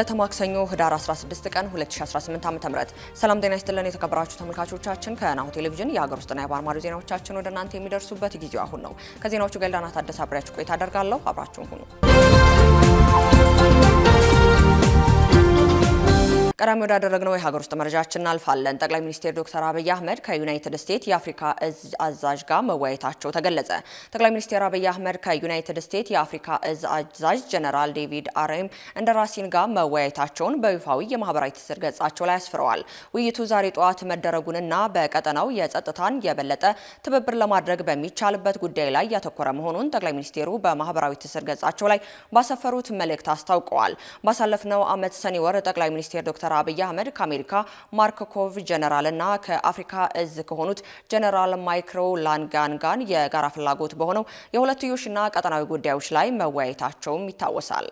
የዕለተ ማክሰኞ ህዳር 16 ቀን 2018 ዓ.ም ሰላም ጤና ይስጥልን። የተከበራችሁ ተመልካቾቻችን ከናሁ ቴሌቪዥን የሀገር ውስጥና የባህር ማዶ ዜናዎቻችን ወደ እናንተ የሚደርሱበት ጊዜው አሁን ነው። ከዜናዎቹ ጋር ዳና ታደሰ አብሬያችሁ ቆይታ አደርጋለሁ። አብራችሁን ሁኑ። ቀዳሚ ወዳደረግነው የሀገር ውስጥ መረጃችን እናልፋለን። ጠቅላይ ሚኒስትር ዶክተር አብይ አህመድ ከዩናይትድ ስቴትስ የአፍሪካ እዝ አዛዥ ጋር መወያየታቸው ተገለጸ። ጠቅላይ ሚኒስትር አብይ አህመድ ከዩናይትድ ስቴትስ የአፍሪካ እዝ አዛዥ ጀነራል ዴቪድ አሬም እንደራሲን ጋር መወያየታቸውን በይፋዊ የማህበራዊ ትስስር ገጻቸው ላይ አስፍረዋል። ውይይቱ ዛሬ ጠዋት መደረጉንና በቀጠናው የጸጥታን የበለጠ ትብብር ለማድረግ በሚቻልበት ጉዳይ ላይ ያተኮረ መሆኑን ጠቅላይ ሚኒስቴሩ በማህበራዊ ትስስር ገጻቸው ላይ ባሰፈሩት መልእክት አስታውቀዋል። ባሳለፍነው ዓመት ሰኔ ወር ጠቅላይ ሚኒስትር ዶክተር ዶክተር አብይ አህመድ ከአሜሪካ ማርክኮቭ ጀነራልና ጀነራል ከአፍሪካ እዝ ከሆኑት ጀነራል ማይክሮ ላንጋን ጋን የጋራ ፍላጎት በሆነው የሁለትዮሽና ቀጠናዊ ጉዳዮች ላይ መወያየታቸውም ይታወሳል።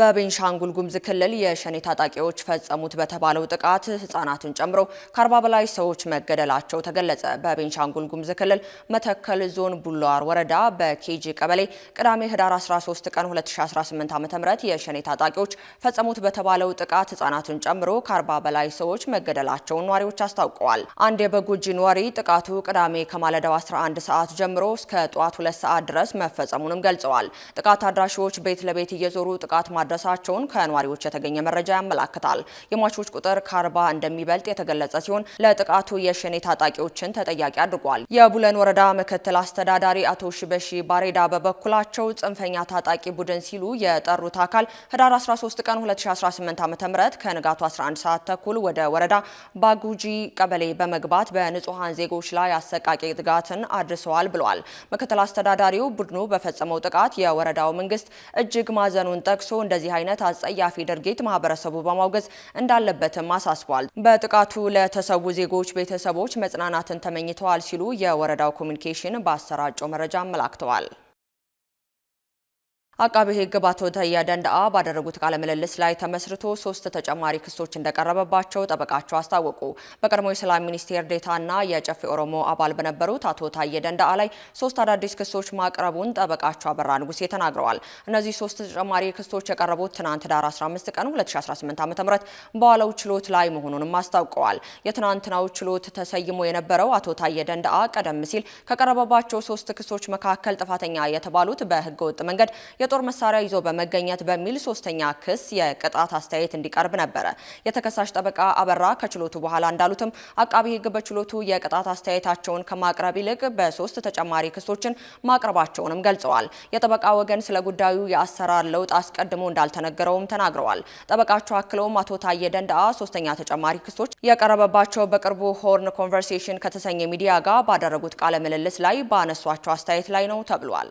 በቤንሻንጉል ጉሙዝ ክልል የሸኔ ታጣቂዎች ፈጸሙት በተባለው ጥቃት ህጻናትን ጨምሮ ከአርባ በላይ ሰዎች መገደላቸው ተገለጸ። በቤንሻንጉል ጉሙዝ ክልል መተከል ዞን ቡሏር ወረዳ በኬጂ ቀበሌ ቅዳሜ ህዳር 13 ቀን 2018 ዓ.ም የሸኔ ታጣቂዎች ፈጸሙት በተባለው ጥቃት ህጻናትን ጨምሮ ከአርባ በላይ ሰዎች መገደላቸውን ነዋሪዎች አስታውቀዋል። አንድ የበጎጂ ነዋሪ ጥቃቱ ቅዳሜ ከማለዳው 11 ሰዓት ጀምሮ እስከ ጠዋት 2 ሰዓት ድረስ መፈጸሙንም ገልጸዋል። ጥቃት አድራሾች ቤት ለቤት እየዞሩ ጥቃት ማድረሳቸውን ከነዋሪዎች የተገኘ መረጃ ያመላክታል። የሟቾች ቁጥር ከአርባ እንደሚበልጥ የተገለጸ ሲሆን ለጥቃቱ የሸኔ ታጣቂዎችን ተጠያቂ አድርጓል። የቡለን ወረዳ ምክትል አስተዳዳሪ አቶ ሽበሺ ባሬዳ በበኩላቸው ጽንፈኛ ታጣቂ ቡድን ሲሉ የጠሩት አካል ህዳር 13 ቀን 2018 ዓ.ም ከንጋቱ 11 ሰዓት ተኩል ወደ ወረዳ ባጉጂ ቀበሌ በመግባት በንጹሐን ዜጎች ላይ አሰቃቂ ጥቃትን አድርሰዋል ብለዋል። ምክትል አስተዳዳሪው ቡድኑ በፈጸመው ጥቃት የወረዳው መንግስት እጅግ ማዘኑን ጠቅሶ እንደዚህ አይነት አጸያፊ ድርጊት ማህበረሰቡ በማውገዝ እንዳለበትም አሳስቧል። በጥቃቱ ለተሰዉ ዜጎች ቤተሰቦች መጽናናትን ተመኝተዋል ሲሉ የወረዳው ኮሚኒኬሽን በአሰራጨው መረጃ አመላክተዋል። አቃቤ ሕግ በአቶ ታዬ ደንደአ ባደረጉት ቃለ ምልልስ ላይ ተመስርቶ ሶስት ተጨማሪ ክሶች እንደቀረበባቸው ጠበቃቸው አስታወቁ። በቀድሞ የሰላም ሚኒስቴር ዴታና የጨፌ ኦሮሞ አባል በነበሩት አቶ ታዬ ደንደአ ላይ ሶስት አዳዲስ ክሶች ማቅረቡን ጠበቃቸው አበራ ንጉሴ ተናግረዋል። እነዚህ ሶስት ተጨማሪ ክሶች የቀረቡት ትናንት ዳር 15 ቀን 2018 ዓ.ም በዋለው ችሎት ላይ መሆኑንም አስታውቀዋል። የትናንትናው ችሎት ተሰይሞ የነበረው አቶ ታዬ ደንደአ ቀደም ሲል ከቀረበባቸው ሶስት ክሶች መካከል ጥፋተኛ የተባሉት በህገወጥ መንገድ የጦር መሳሪያ ይዞ በመገኘት በሚል ሶስተኛ ክስ የቅጣት አስተያየት እንዲቀርብ ነበረ የተከሳሽ ጠበቃ አበራ ከችሎቱ በኋላ እንዳሉትም አቃቢ ሕግ በችሎቱ የቅጣት አስተያየታቸውን ከማቅረብ ይልቅ በሶስት ተጨማሪ ክሶችን ማቅረባቸውንም ገልጸዋል። የጠበቃ ወገን ስለ ጉዳዩ የአሰራር ለውጥ አስቀድሞ እንዳልተነገረውም ተናግረዋል። ጠበቃቸው አክለውም አቶ ታዬ ደንደአ ሶስተኛ ተጨማሪ ክሶች የቀረበባቸው በቅርቡ ሆርን ኮንቨርሴሽን ከተሰኘ ሚዲያ ጋር ባደረጉት ቃለ ምልልስ ላይ ባነሷቸው አስተያየት ላይ ነው ተብሏል።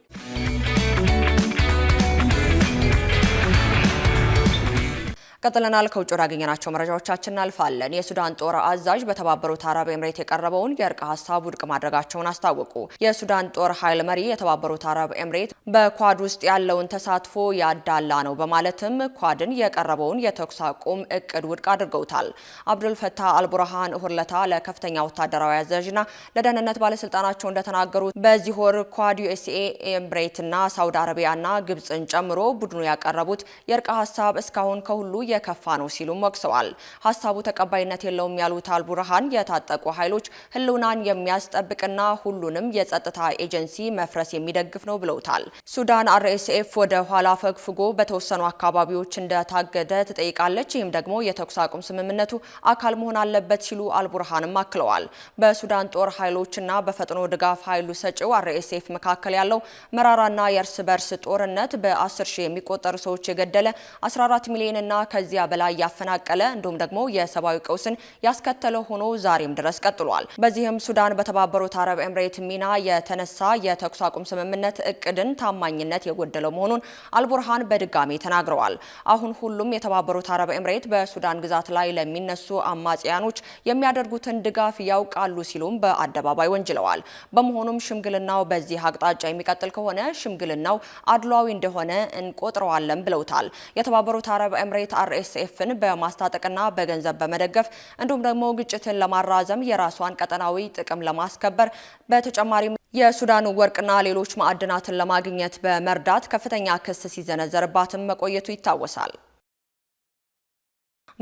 ቀጥለናል። ከውጭ ወዳገኘናቸው መረጃዎቻችን እናልፋለን። የሱዳን ጦር አዛዥ በተባበሩት አረብ ኤምሬት የቀረበውን የእርቅ ሀሳብ ውድቅ ማድረጋቸውን አስታወቁ። የሱዳን ጦር ኃይል መሪ የተባበሩት አረብ ኤምሬት በኳድ ውስጥ ያለውን ተሳትፎ ያዳላ ነው በማለትም ኳድን የቀረበውን የተኩስ አቁም እቅድ ውድቅ አድርገውታል። አብዱልፈታህ አልቡርሃን ሁርለታ ለከፍተኛ ወታደራዊ አዛዥና ለደህንነት ባለስልጣናቸው እንደተናገሩት በዚህ ወር ኳድ ዩኤስኤ ኤምሬትና ሳውዲ አረቢያና ግብጽን ጨምሮ ቡድኑ ያቀረቡት የእርቅ ሀሳብ እስካሁን ከሁሉ የከፋ ነው ሲሉም ወቅሰዋል። ሀሳቡ ተቀባይነት የለውም ያሉት አልቡርሃን የታጠቁ ኃይሎች ህልውናን የሚያስጠብቅና ሁሉንም የጸጥታ ኤጀንሲ መፍረስ የሚደግፍ ነው ብለውታል። ሱዳን አርኤስኤፍ ወደ ኋላ ፈግፍጎ በተወሰኑ አካባቢዎች እንደታገደ ትጠይቃለች። ይህም ደግሞ የተኩስ አቁም ስምምነቱ አካል መሆን አለበት ሲሉ አልቡርሃንም አክለዋል። በሱዳን ጦር ኃይሎችና በፈጥኖ ድጋፍ ኃይሉ ሰጪው አርኤስኤፍ መካከል ያለው መራራና የእርስ በርስ ጦርነት በ10 ሺህ የሚቆጠሩ ሰዎች የገደለ 14 ሚሊዮንና ከ ከዚያ በላይ ያፈናቀለ እንዲሁም ደግሞ የሰብአዊ ቀውስን ያስከተለ ሆኖ ዛሬም ድረስ ቀጥሏል። በዚህም ሱዳን በተባበሩት አረብ ኤምሬት ሚና የተነሳ የተኩስ አቁም ስምምነት እቅድን ታማኝነት የጎደለው መሆኑን አልቡርሃን በድጋሚ ተናግረዋል። አሁን ሁሉም የተባበሩት አረብ ኤምሬት በሱዳን ግዛት ላይ ለሚነሱ አማጽያኖች የሚያደርጉትን ድጋፍ ያውቃሉ ሲሉም በአደባባይ ወንጅለዋል። በመሆኑም ሽምግልናው በዚህ አቅጣጫ የሚቀጥል ከሆነ ሽምግልናው አድሏዊ እንደሆነ እንቆጥረዋለን ብለውታል። የተባበሩት አረብ ኤምሬት አርኤስኤፍን በማስታጠቅና በገንዘብ በመደገፍ እንዲሁም ደግሞ ግጭትን ለማራዘም የራሷን ቀጠናዊ ጥቅም ለማስከበር በተጨማሪም የሱዳኑ ወርቅና ሌሎች ማዕድናትን ለማግኘት በመርዳት ከፍተኛ ክስ ሲዘነዘርባትም መቆየቱ ይታወሳል።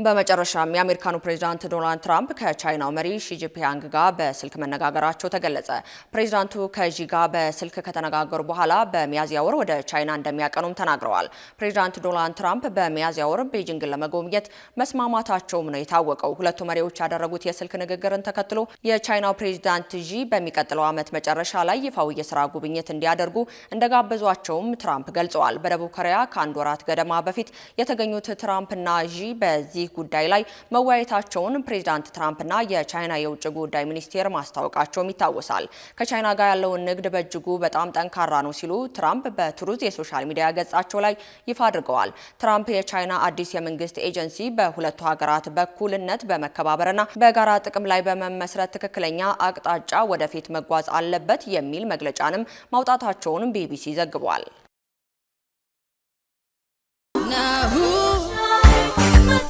በመጨረሻም የአሜሪካኑ ፕሬዚዳንት ዶናልድ ትራምፕ ከቻይናው መሪ ሺጂፒያንግ ጋር በስልክ መነጋገራቸው ተገለጸ። ፕሬዚዳንቱ ከዢ ጋር በስልክ ከተነጋገሩ በኋላ በሚያዝያ ወር ወደ ቻይና እንደሚያቀኑም ተናግረዋል። ፕሬዚዳንት ዶናልድ ትራምፕ በሚያዝያ ወር ቤጂንግን ለመጎብኘት መስማማታቸውም ነው የታወቀው። ሁለቱ መሪዎች ያደረጉት የስልክ ንግግርን ተከትሎ የቻይናው ፕሬዚዳንት ዢ በሚቀጥለው ዓመት መጨረሻ ላይ ይፋዊ የስራ ጉብኝት እንዲያደርጉ እንደጋበዟቸውም ትራምፕ ገልጸዋል። በደቡብ ኮሪያ ከአንድ ወራት ገደማ በፊት የተገኙት ትራምፕና ዢ በዚህ በዚህ ጉዳይ ላይ መወያየታቸውን ፕሬዚዳንት ትራምፕና የቻይና የውጭ ጉዳይ ሚኒስቴር ማስታወቃቸውም ይታወሳል። ከቻይና ጋር ያለውን ንግድ በእጅጉ በጣም ጠንካራ ነው ሲሉ ትራምፕ በትሩዝ የሶሻል ሚዲያ ገጻቸው ላይ ይፋ አድርገዋል። ትራምፕ የቻይና አዲስ የመንግስት ኤጀንሲ በሁለቱ ሀገራት በመከባበር በመከባበርና በጋራ ጥቅም ላይ በመመስረት ትክክለኛ አቅጣጫ ወደፊት መጓዝ አለበት የሚል መግለጫንም ማውጣታቸውን ቢቢሲ ዘግቧል።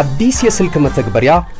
አዲስ የስልክ መተግበሪያ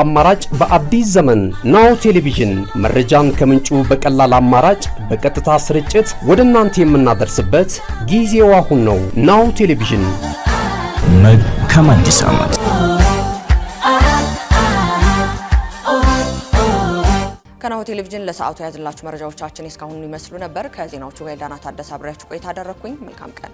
አማራጭ በአዲስ ዘመን ናሁ ቴሌቪዥን መረጃን ከምንጩ በቀላል አማራጭ በቀጥታ ስርጭት ወደ እናንተ የምናደርስበት ጊዜው አሁን ነው። ናሁ ቴሌቪዥን መልካም አዲስ ዓመት። ከናሁ ቴሌቪዥን ለሰዓቱ የያዝላችሁ መረጃዎቻችን እስካሁን ይመስሉ ነበር። ከዜናዎቹ ጋር ዳና ታደሰ አብሬያችሁ ቆይታ አደረግኩኝ። መልካም ቀን